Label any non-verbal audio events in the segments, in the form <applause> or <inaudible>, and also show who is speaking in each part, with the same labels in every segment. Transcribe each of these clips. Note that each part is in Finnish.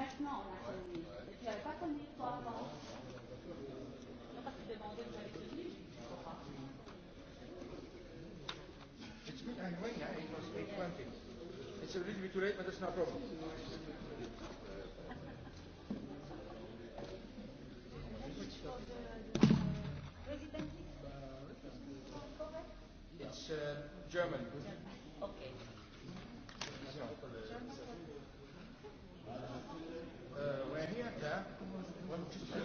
Speaker 1: Maintenant, on a connu. Vous n'avez pas connu, toi, avant. Non, parce que demandé, vous avez connu, It's good, I'm going now. was 8.20. It's a little bit too late, but that's no problem. <laughs> It's uh, German. Okay. German.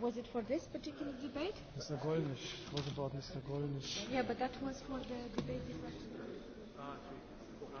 Speaker 1: Was it for this particular debate? Mr. Golnisch. It was about Mr. Golnisch. Yeah, but that was for the debate this afternoon. Ah, ah,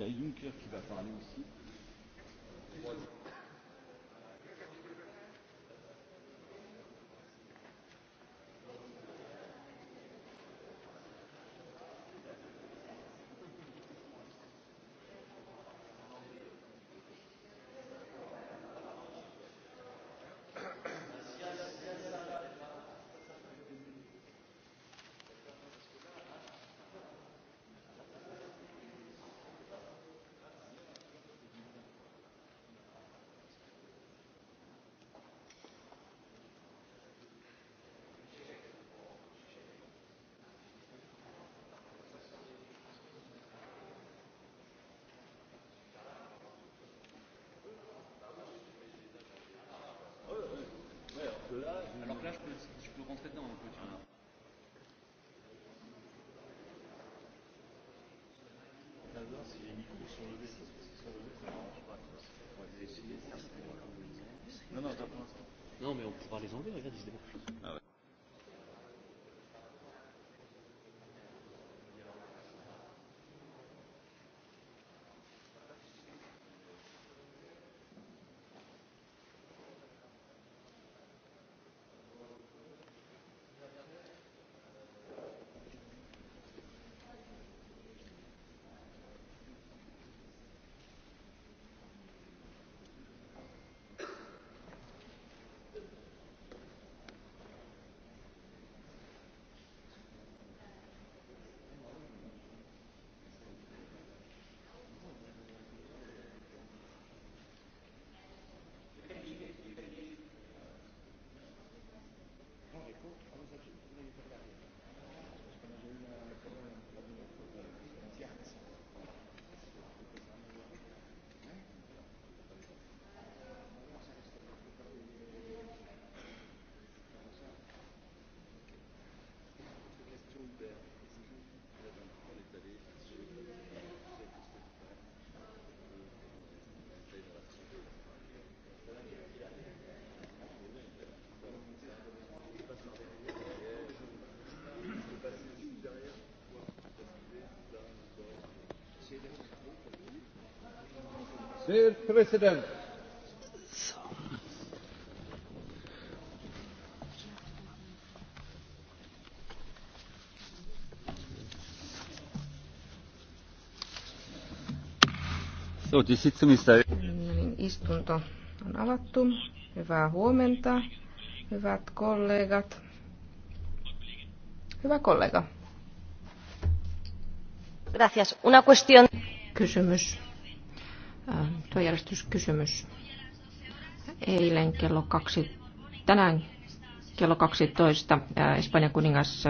Speaker 1: Il y a Juncker qui va parler aussi. alors que là, je peux, je peux rentrer dedans un peu, tu vois. Non, Non, mais on pourra les enlever, regarde, ils se débrouillent. Ah ouais. Herr Präsident! So, niin, Istunto on avattu. Hyvää huomenta, hyvät kollegat. Hyvä kollega. Gracias. Una cuestión. Kysymys Työjärjestyskysymys. Eilen kello kaksi, tänään kello 12 äh, Espanjan kuningas